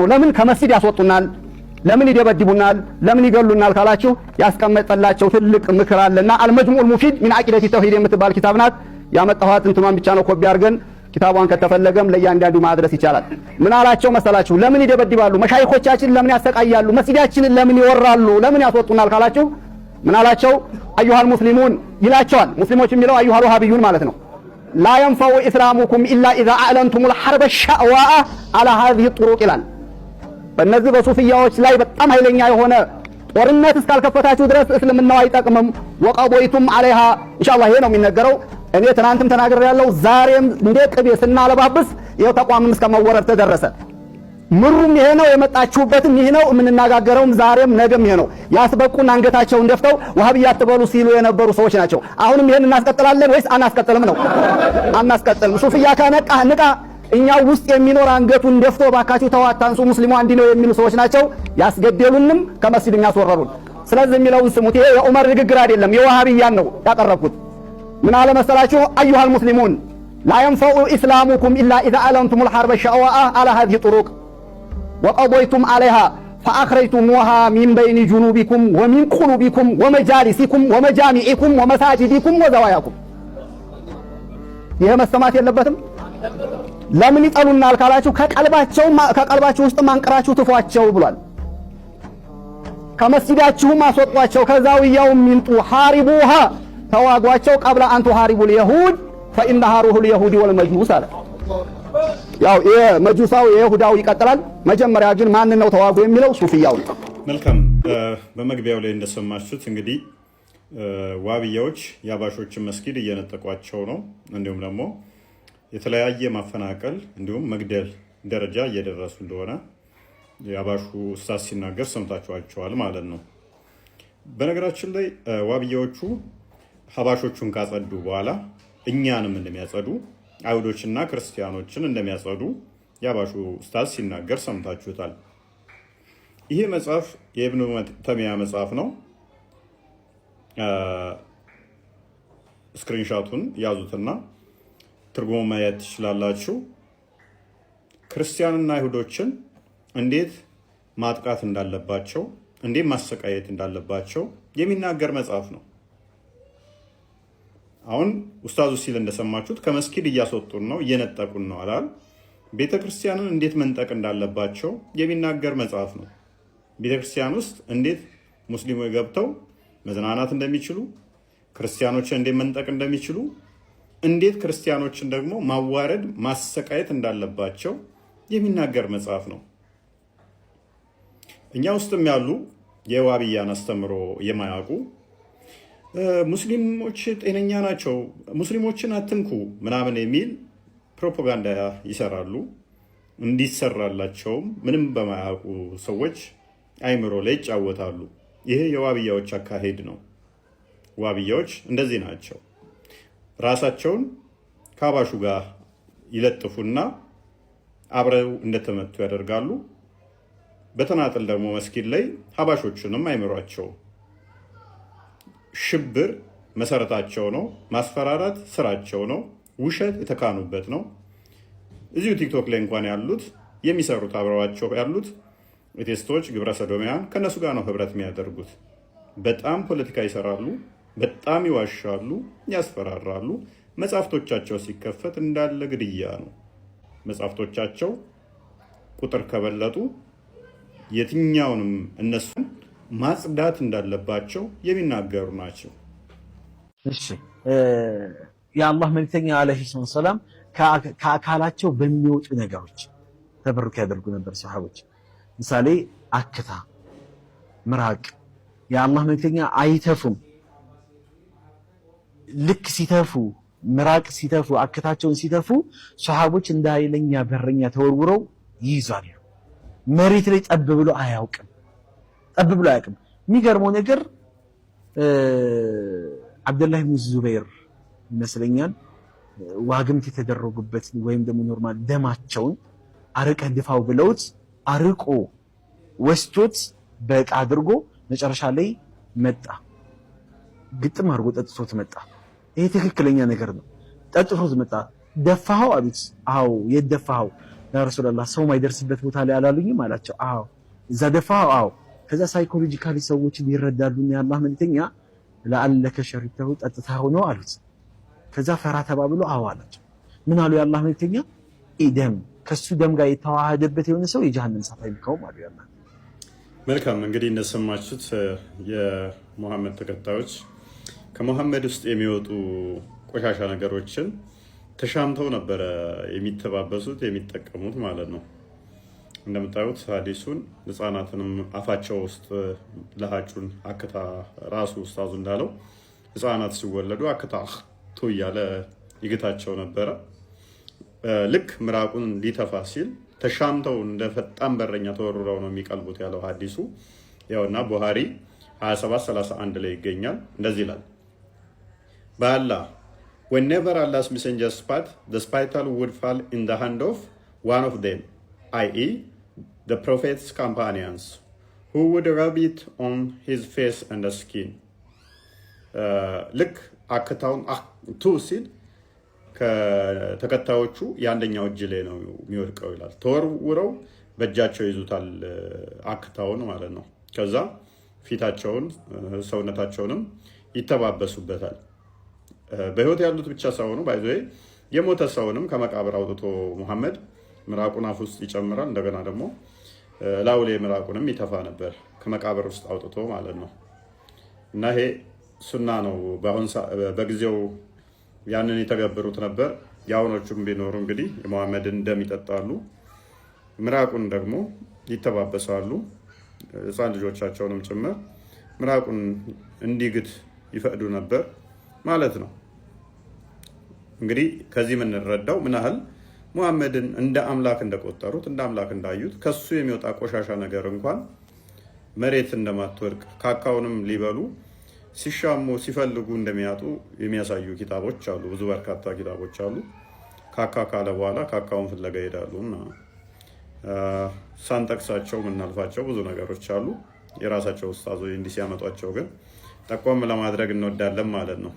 ነው። ለምን ከመስጂድ ያስወጡናል? ለምን ይደበድቡናል? ለምን ይገሉናል ካላችሁ ያስቀመጠላቸው ትልቅ ምክር አለና አልመጅሙዑል ሙፊድ ሚን አቂደቲ ተውሂድ የምትባል ኪታብ ናት። ያመጣኋት እንትኗን ብቻ ነው ኮቢ አድርገን ኪታቧን ከተፈለገም ለእያንዳንዱ ማድረስ ይቻላል። ምን አላቸው መሰላችሁ? ለምን ይደበድባሉ? መሻይኮቻችን ለምን ያሰቃያሉ? መስጂዳችንን ለምን ይወራሉ? ለምን ያስወጡናል ካላችሁ ምን አላቸው? አዩሃል ሙስሊሙን ይላቸዋል። ሙስሊሞች የሚለው አዩሃል ውሃብዩን ማለት ነው። ላ የንፈዑ ኢስላሙኩም ኢላ ኢዛ አዕለንቱሙል ሐርበ ሻዕዋአ አላ ሀዚህ ጡሩቅ ይላል። በእነዚህ በሱፍያዎች ላይ በጣም ኃይለኛ የሆነ ጦርነት እስካልከፈታችሁ ድረስ እስልምናው አይጠቅምም። ወቀቦይቱም አለይሃ ኢንሻአላህ። ይሄ ነው የሚነገረው። እኔ ትናንትም ተናግሬ ያለው ዛሬም እንደ ቅቤ ስናለባብስ ይኸው ተቋምም እስከ መወረድ ተደረሰ። ምሩም ይሄ ነው፣ የመጣችሁበትም ይሄ ነው፣ የምንነጋገረውም ዛሬም ነገም ይሄ ነው። ያስበቁን አንገታቸውን ደፍተው ወሃብያ አትበሉ ሲሉ የነበሩ ሰዎች ናቸው። አሁንም ይሄን እናስቀጥላለን ወይስ አናስቀጥልም? ነው አናስቀጥልም። ሱፍያ ከነቃህ ንቃ እኛ ውስጥ የሚኖር አንገቱን ደፍቶ ባካችሁ ተዋታንሱ ሙስሊሙ አንድ ነው የሚሉ ሰዎች ናቸው። ያስገደሉንም ከመስጂድ ያስወረሩን። ስለዚህ የሚለውን ስሙት። ይሄ የዑመር ንግግር አይደለም፣ የዋሃብያን ነው ያቀረብኩት። ምን አለ መሰላችሁ? አዩሃል ሙስሊሙን ላ ኢስላሙኩም ኢላ ኢዛ አለምቱም ልሐርበ ሸዋአ አላ ሀዚህ ጥሩቅ ወቀዶይቱም አለይሃ ፈአኽረጅቱሙሃ ሚን በይኒ ጁኑቢኩም ወሚን ቁሉቢኩም ወመጃሊሲኩም ወመጃሚዒኩም ወመሳጅዲኩም ወዘዋያኩም። ይህ መሰማት የለበትም። ለምን ይጠሉናል ካላችሁ ከቀልባቸው ከቀልባችሁ ውስጥ አንቅራችሁ ትፏቸው ብሏል። ከመስጂዳችሁም አስወጧቸው፣ ከዛውያውም ይምጡ። ሐሪቡሃ ተዋጓቸው፣ ቀብለ አንቱ ሐሪቡል የሁድ ፈኢንነሃ ሩሁል የሁድ ወልመጅሙስ አለ። ያው የመጁሳው የይሁዳው ይቀጥላል። መጀመሪያ ግን ማን ነው ተዋጉ የሚለው ሱፍያው ነው። መልካም በመግቢያው ላይ እንደሰማችሁት እንግዲህ ዋብያዎች የአባሾችን መስጊድ እየነጠቋቸው ነው እንዲሁም ደግሞ የተለያየ ማፈናቀል እንዲሁም መግደል ደረጃ እየደረሱ እንደሆነ የአባሹ እስታት ሲናገር ሰምታችኋቸዋል ማለት ነው። በነገራችን ላይ ዋብያዎቹ ሀባሾቹን ካጸዱ በኋላ እኛንም እንደሚያጸዱ አይሁዶችና ክርስቲያኖችን እንደሚያጸዱ የአባሹ ስታዝ ሲናገር ሰምታችሁታል። ይህ መጽሐፍ የኢብኑ ተሚያ መጽሐፍ ነው። ስክሪንሻቱን ያዙትና ትርጉሞ ማየት ትችላላችሁ። ክርስቲያንና አይሁዶችን እንዴት ማጥቃት እንዳለባቸው፣ እንዴት ማሰቃየት እንዳለባቸው የሚናገር መጽሐፍ ነው። አሁን ኡስታዙ ሲል እንደሰማችሁት ከመስጊድ እያስወጡን ነው፣ እየነጠቁን ነው አላል። ቤተ ክርስቲያንን እንዴት መንጠቅ እንዳለባቸው የሚናገር መጽሐፍ ነው። ቤተ ክርስቲያን ውስጥ እንዴት ሙስሊሞች ገብተው መዝናናት እንደሚችሉ፣ ክርስቲያኖችን እንዴት መንጠቅ እንደሚችሉ እንዴት ክርስቲያኖችን ደግሞ ማዋረድ ማሰቃየት እንዳለባቸው የሚናገር መጽሐፍ ነው። እኛ ውስጥም ያሉ የዋብያን አስተምሮ የማያውቁ ሙስሊሞች ጤነኛ ናቸው፣ ሙስሊሞችን አትንኩ ምናምን የሚል ፕሮፓጋንዳ ይሰራሉ። እንዲሰራላቸውም ምንም በማያውቁ ሰዎች አይምሮ ላይ ይጫወታሉ። ይሄ የዋብያዎች አካሄድ ነው። ዋብያዎች እንደዚህ ናቸው። ራሳቸውን ከአባሹ ጋር ይለጥፉና አብረው እንደተመቱ ያደርጋሉ። በተናጠል ደግሞ መስጊድ ላይ ሀባሾቹንም አይምሯቸው። ሽብር መሰረታቸው ነው። ማስፈራራት ስራቸው ነው። ውሸት የተካኑበት ነው። እዚሁ ቲክቶክ ላይ እንኳን ያሉት የሚሰሩት አብረዋቸው ያሉት ቴስቶች ግብረ ሰዶሚያን ከእነሱ ጋር ነው ህብረት የሚያደርጉት። በጣም ፖለቲካ ይሰራሉ። በጣም ይዋሻሉ፣ ያስፈራራሉ። መጽሐፍቶቻቸው ሲከፈት እንዳለ ግድያ ነው። መጽሐፍቶቻቸው ቁጥር ከበለጡ የትኛውንም እነሱን ማጽዳት እንዳለባቸው የሚናገሩ ናቸው። እሺ የአላህ መልክተኛ አለይሂ ሰላም ከአካላቸው በሚወጡ ነገሮች ተበሩክ ያደርጉ ነበር ሰሃቦች። ምሳሌ አክታ፣ ምራቅ። የአላህ መልክተኛ አይተፉም። ልክ ሲተፉ ምራቅ ሲተፉ አክታቸውን ሲተፉ ሰሃቦች እንደ ኃይለኛ በረኛ ተወርውረው ይይዛሉ። መሬት ላይ ጠብ ብሎ አያውቅም፣ ጠብ ብሎ አያውቅም። የሚገርመው ነገር አብደላህ ብን ዙበይር ይመስለኛል ዋግምት የተደረጉበት ወይም ደግሞ ኖርማል ደማቸውን አርቀህ ድፋው ብለውት አርቆ ወስቶት በእቃ አድርጎ መጨረሻ ላይ መጣ ግጥም አድርጎ ጠጥቶት መጣ። ይሄ ትክክለኛ ነገር ነው። ጠጥቶት መጣ ደፋኸው? አሉት። አዎ የት ደፋኸው? ያ ረሱላላህ ሰው ማይደርስበት ቦታ ላይ አላሉኝም አላቸው። አዎ እዛ ደፋኸው? አዎ ከዛ ሳይኮሎጂካሊ ሰዎች ይረዳሉ። የአላህ መልእክተኛ ለአለከ ሸሪተው ጠጥተኸው ነው አሉት። ከዛ ፈራ ተባብሎ አዎ አላቸው። ምን አሉ የአላህ መልእክተኛ? ኢደም ከሱ ደም ጋር የተዋሃደበት የሆነ ሰው የጀሃነም እሳት አይልከውም አሉ። መልካም እንግዲህ እንደሰማችሁት የሙሐመድ ተከታዮች ከመሐመድ ውስጥ የሚወጡ ቆሻሻ ነገሮችን ተሻምተው ነበረ የሚተባበሱት የሚጠቀሙት ማለት ነው። እንደምታዩት ሀዲሱን ህፃናትንም አፋቸው ውስጥ ለሀጩን አክታ ራሱ ውስታዙ እንዳለው ህፃናት ሲወለዱ አክታ ቶ እያለ ይግታቸው ነበረ። ልክ ምራቁን ሊተፋ ሲል ተሻምተው እንደ ፈጣን በረኛ ተወርረው ነው የሚቀልቡት ያለው ሀዲሱ ያውና ቡሃሪ 2731 ላይ ይገኛል። እንደዚህ ይላል By Allah, whenever Allah's messenger spat, the spittle would fall in the hand of one of them, i.e., the Prophet's companions, who would rub it on his face and skin. ልክ አክታውን ቱ ሲል ከተከታዮቹ የአንደኛው እጅ ላይ ነው የሚወድቀው ይላል። ተወርውረው በእጃቸው ይዙታል አክታውን ማለት ነው። ከዛ ፊታቸውን ሰውነታቸውንም ይተባበሱበታል። በህይወት ያሉት ብቻ ሳይሆኑ ባይዘ የሞተ ሰውንም ከመቃብር አውጥቶ ሙሐመድ ምራቁን አፍ ውስጥ ይጨምራል። እንደገና ደግሞ ላዩ ላይ ምራቁንም ይተፋ ነበር ከመቃብር ውስጥ አውጥቶ ማለት ነው። እና ይሄ ሱና ነው። በጊዜው ያንን የተገብሩት ነበር። የአሁኖቹም ቢኖሩ እንግዲህ የመሐመድን ደም ይጠጣሉ፣ ምራቁን ደግሞ ይተባበሳሉ። ህፃን ልጆቻቸውንም ጭምር ምራቁን እንዲግት ይፈቅዱ ነበር ማለት ነው። እንግዲህ ከዚህ የምንረዳው ምን ያህል ሙሐመድን እንደ አምላክ እንደቆጠሩት እንደ አምላክ እንዳዩት ከሱ የሚወጣ ቆሻሻ ነገር እንኳን መሬት እንደማትወድቅ ካካውንም ሊበሉ ሲሻሙ ሲፈልጉ እንደሚያጡ የሚያሳዩ ኪታቦች አሉ። ብዙ በርካታ ኪታቦች አሉ። ካካ ካለ በኋላ ካካውን ፍለጋ ይሄዳሉ እና ሳንጠቅሳቸው የምናልፋቸው ብዙ ነገሮች አሉ። የራሳቸው ውስታዞ እንዲህ ሲያመጧቸው ግን ጠቆም ለማድረግ እንወዳለን ማለት ነው።